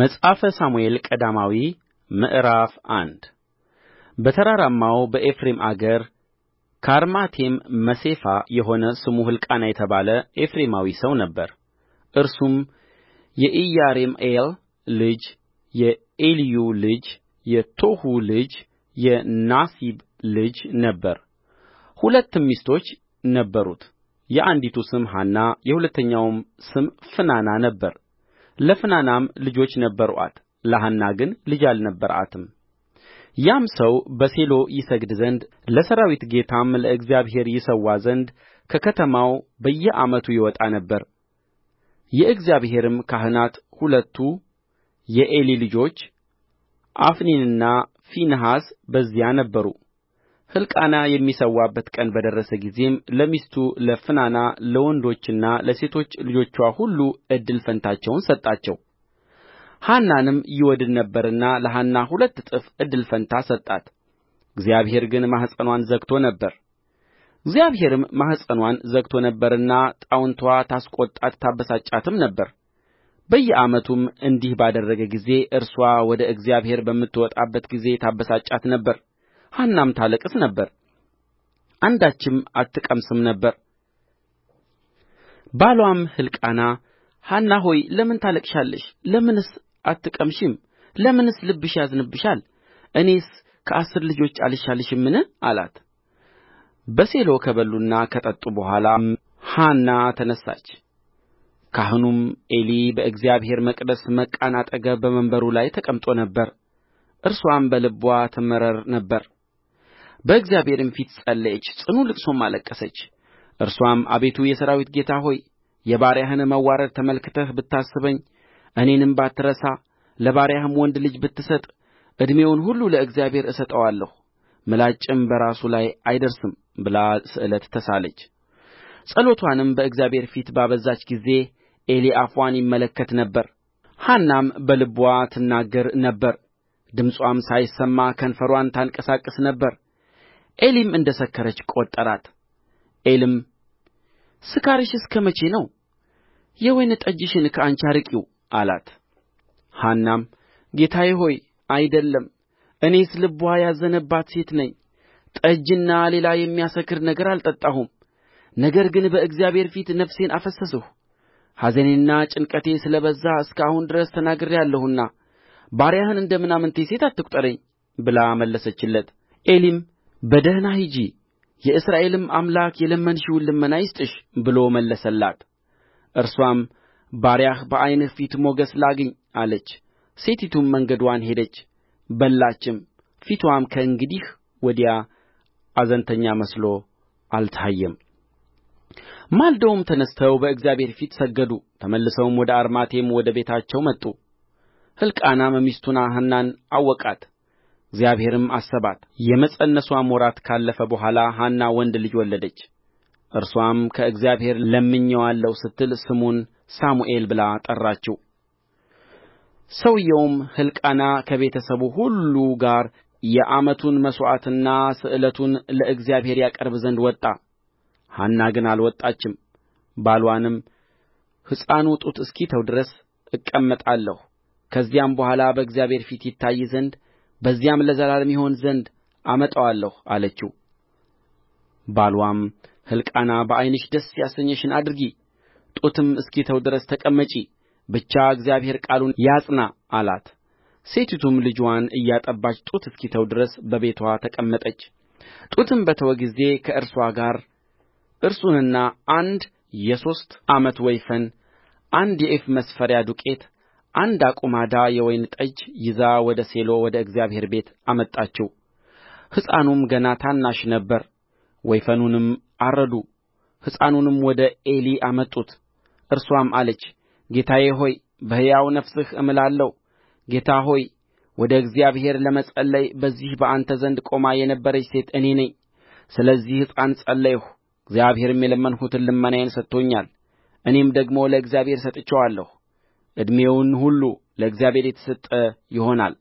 መጽሐፈ ሳሙኤል ቀዳማዊ ምዕራፍ አንድ በተራራማው በኤፍሬም አገር ከአርማቴም መሴፋ የሆነ ስሙ ሕልቃና የተባለ ኤፍሬማዊ ሰው ነበር። እርሱም የኢያሬምኤል ልጅ የኤልዩ ልጅ የቶሑ ልጅ የናሲብ ልጅ ነበር። ሁለትም ሚስቶች ነበሩት። የአንዲቱ ስም ሐና የሁለተኛውም ስም ፍናና ነበር። ለፍናናም ልጆች ነበሩአት ለሐና ግን ልጅ አልነበራትም ያም ሰው በሴሎ ይሰግድ ዘንድ ለሠራዊት ጌታም ለእግዚአብሔር ይሠዋ ዘንድ ከከተማው በየዓመቱ ይወጣ ነበር የእግዚአብሔርም ካህናት ሁለቱ የዔሊ ልጆች አፍኒንና ፊንሐስ በዚያ ነበሩ ሕልቃና የሚሠዋበት ቀን በደረሰ ጊዜም ለሚስቱ ለፍናና ለወንዶችና ለሴቶች ልጆችዋ ሁሉ እድል ፈንታቸውን ሰጣቸው ሐናንም ይወድድ ነበርና ለሐና ሁለት እጥፍ እድል ፈንታ ሰጣት እግዚአብሔር ግን ማኅፀንዋን ዘግቶ ነበር እግዚአብሔርም ማኅፀንዋን ዘግቶ ነበርና ጣውንትዋ ታስቈጣት ታበሳጫትም ነበር በየዓመቱም እንዲህ ባደረገ ጊዜ እርስዋ ወደ እግዚአብሔር በምትወጣበት ጊዜ ታበሳጫት ነበር ሐናም ታለቅስ ነበር አንዳችም አትቀምስም ነበር ባልዋም ሕልቃና ሐና ሆይ ለምን ታለቅሻለሽ ለምንስ አትቀምሺም ለምንስ ልብሽ ያዝንብሻል እኔስ ከአሥር ልጆች አልሻልልሽምን አላት በሴሎ ከበሉና ከጠጡ በኋላም ሐና ተነሣች ካህኑም ዔሊ በእግዚአብሔር መቅደስ መቃን አጠገብ በመንበሩ ላይ ተቀምጦ ነበር እርስዋም በልቧ ትመረር ነበር በእግዚአብሔርም ፊት ጸለየች ጽኑ ልቅሶም አለቀሰች እርስዋም አቤቱ የሠራዊት ጌታ ሆይ የባሪያህን መዋረድ ተመልክተህ ብታስበኝ እኔንም ባትረሳ ለባሪያህም ወንድ ልጅ ብትሰጥ ዕድሜውን ሁሉ ለእግዚአብሔር እሰጠዋለሁ ምላጭም በራሱ ላይ አይደርስም ብላ ስእለት ተሳለች። ጸሎቷንም በእግዚአብሔር ፊት ባበዛች ጊዜ ዔሊ አፏን ይመለከት ነበር፣ ሐናም በልቧ ትናገር ነበር፣ ድምፅዋም ሳይሰማ ከንፈሯን ታንቀሳቅስ ነበር። ዔሊም እንደ ሰከረች ቈጠራት ዔሊም ስካርሽ እስከ መቼ ነው የወይን ጠጅሽን ከአንቺ አርቂው አላት ሐናም ጌታዬ ሆይ አይደለም እኔስ ልብዋ ያዘነባት ሴት ነኝ ጠጅና ሌላ የሚያሰክር ነገር አልጠጣሁም ነገር ግን በእግዚአብሔር ፊት ነፍሴን አፈሰስሁ ኀዘኔና ጭንቀቴ ስለ በዛ እስከ አሁን ድረስ ተናግሬአለሁና ባሪያህን እንደ ምናምንቴ ሴት አትቍጠረኝ ብላ መለሰችለት ዔሊም በደኅና ሂጂ የእስራኤልም አምላክ የለመንሽውን ልመና ይስጥሽ ብሎ መለሰላት። እርሷም ባሪያህ በዓይንህ ፊት ሞገስ ላግኝ አለች። ሴቲቱም መንገድዋን ሄደች፣ በላችም። ፊትዋም ከእንግዲህ ወዲያ አዘንተኛ መስሎ አልታየም። ማልደውም ተነሥተው በእግዚአብሔር ፊት ሰገዱ። ተመልሰውም ወደ አርማቴም ወደ ቤታቸው መጡ። ሕልቃናም ሚስቱን ሐናን አወቃት። እግዚአብሔርም አሰባት የመፀነስዋም ወራት ካለፈ በኋላ ሐና ወንድ ልጅ ወለደች እርስዋም ከእግዚአብሔር ለምኜዋለሁ ስትል ስሙን ሳሙኤል ብላ ጠራችው ሰውየውም ሕልቃና ከቤተ ሰቡ ሁሉ ጋር የዓመቱን መሥዋዕትና ስእለቱን ለእግዚአብሔር ያቀርብ ዘንድ ወጣ ሐና ግን አልወጣችም ባልዋንም ሕፃኑ ጡት እስኪተው ድረስ እቀመጣለሁ ከዚያም በኋላ በእግዚአብሔር ፊት ይታይ ዘንድ በዚያም ለዘላለም ይሆን ዘንድ አመጣዋለሁ አለችው ባልዋም ሕልቃና በዓይንሽ ደስ ያሰኘሽን አድርጊ ጡትም እስኪተው ድረስ ተቀመጪ ብቻ እግዚአብሔር ቃሉን ያጽና አላት ሴቲቱም ልጅዋን እያጠባች ጡት እስኪተው ድረስ በቤትዋ ተቀመጠች ጡትም በተወ ጊዜ ከእርስዋ ጋር እርሱንና አንድ የሦስት ዓመት ወይፈን አንድ የኢፍ መስፈሪያ ዱቄት አንድ አቁማዳ የወይን ጠጅ ይዛ ወደ ሴሎ ወደ እግዚአብሔር ቤት አመጣችው ሕፃኑም ገና ታናሽ ነበረ ወይፈኑንም አረዱ ሕፃኑንም ወደ ዔሊ አመጡት እርስዋም አለች ጌታዬ ሆይ በሕያው ነፍስህ እምላለሁ ጌታ ሆይ ወደ እግዚአብሔር ለመጸለይ በዚህ በአንተ ዘንድ ቆማ የነበረች ሴት እኔ ነኝ ስለዚህ ሕፃን ጸለይሁ እግዚአብሔርም የለመንሁትን ልመናዬን ሰጥቶኛል እኔም ደግሞ ለእግዚአብሔር ሰጥቼዋለሁ ዕድሜውን ሁሉ ለእግዚአብሔር የተሰጠ ይሆናል